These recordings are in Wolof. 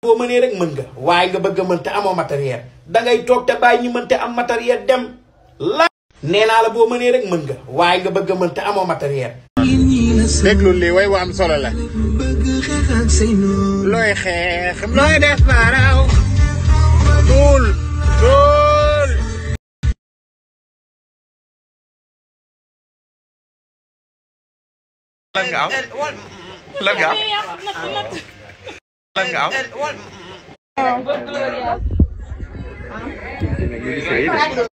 boo mënee rek mën nga waaye nga bëgg a amoo matériel dangay toog te bàyyi ñi mën te am matériel dem la nee la boo mënee rek mën nga waaye nga bëgg a mën te amoo matériel. lii way wa am solo la. looy xeex looy def baaraaw. tuul tuul. em ngẫm nguyên sĩ được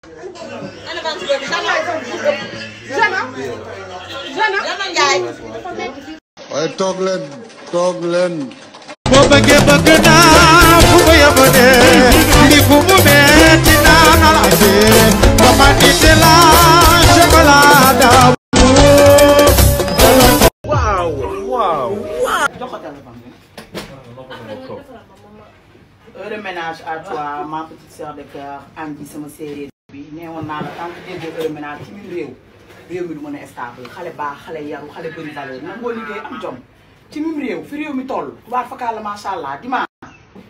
Ôi, tốt lên, tốt lên Một bài kia bật cái nào ménage à toi ma petite sœur de cœur Andy sama séeréer bi neewoon naa la tant que déggoo heure ménage ci biir réew réew mi du mën a stable xale baax xale yaru xale bëri valeur nangoo liggéey am jom ci mim réew fi réew mi toll waar fakaa la macha allah dimanche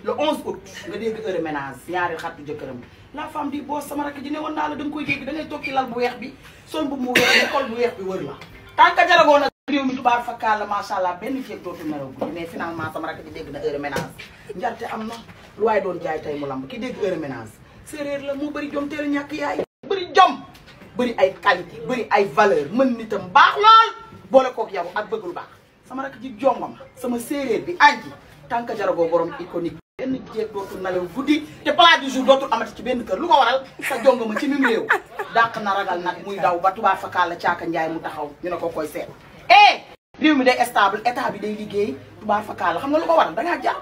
le 11 août nga dégg heure ménage ñaari xattu jëkkëram la femme di boos sama rakk ji newoon naa la da nga koy dégg da ngay toog ci lal bu weex bi sol bu mu weex bi col bu weex bi wër la tant que jaragoo nag réew mi tubaab fakkaal la macha allah benn jéeg dootul nelaw guddi mais finalement sama rakk ji dégg na heure ménage njarte am na luay doon jaay tay mu lamb ki dégg heure ménage séeréer la mo bari jom teel ñak yaay bari jom bari ay qualité bari ay valeur meun nitam bax lol bo la ko ak yaw ak beugul bax sama rak ji jomam sama séeréer bi anji tànk jaragoo borom iconique benn jeeg dootul nalew guddi te plat du jour dootul amati ci ben keur lu ko waral sa jongoma ci nim rew dak na ragal nak muy daw ba tuba fa kala caaka njaay mu taxaw ñu nako koy seet eh rew mi day stable état bi day liggéey tuba fa kala xam nga lu ko waral da nga jaar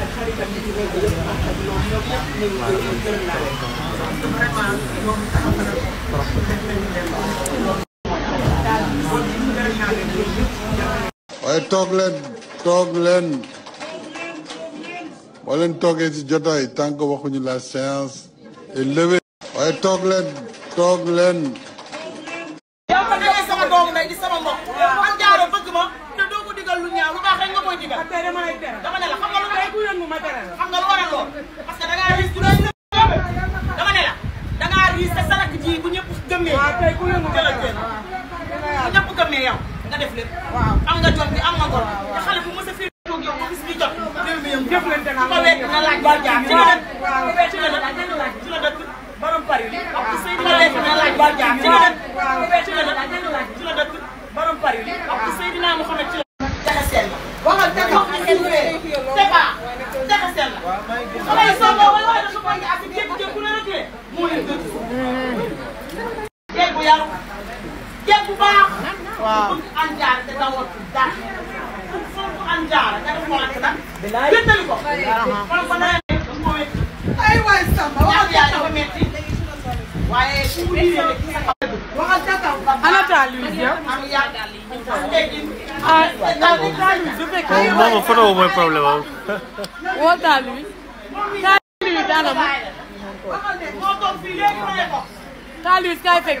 ak waaye toog leen toog leen boo leen toogee ci jotaay tànk que waxuñu la séance est levée waaye toog leen toog leen yow sama doomu ndey di sama mbokk man jaaroo bëgg ma te doo ko digal lu ñaaw lu baax xam nga lu waral lool parce que da ngaa riis ku nekk dama ne la da ngaa riis te sarak ji bu ñëpp gëmmee jëlal kenn bu ñëpp gëmmee yow nga def lépp am nga jot bi am nga ngor te xale bu mos a fii toog yow bis bi jot jëf leen te ko wet na laaj ba jaar ci la dëkk ci la dëkk ci la dëkk borom pari li wax sëy dina wet na laaj ba jaar ci la dëkk ci la dëkk ci la dëkk borom pari li wax sëy dinaa mu xam ne ci la yaru jéeg bu baax. waaw bëgg anjaara te dawatul dara. pour foofu anjaara nga def moo nekk nag. bilaay jëndali ko. kon ba nawet bi dafa ko métti. ay waay Samba waxal yaa dafa métti. waaye su mu yéene rek sa kaw. waxal sa kaw. ana taal yu ñu am yàgg. ah taal bi taal bi su fekkee. moom photo mooy problème am. woo taal bi. taal bi daanaka. moo toog fii léegi ma ne ko. taal bi kay fekk.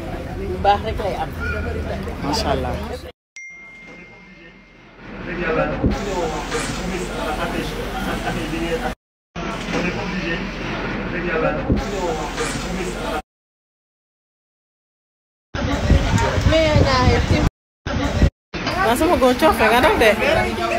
Ya? Masalah. lay am Masa mau gocok ya kan deh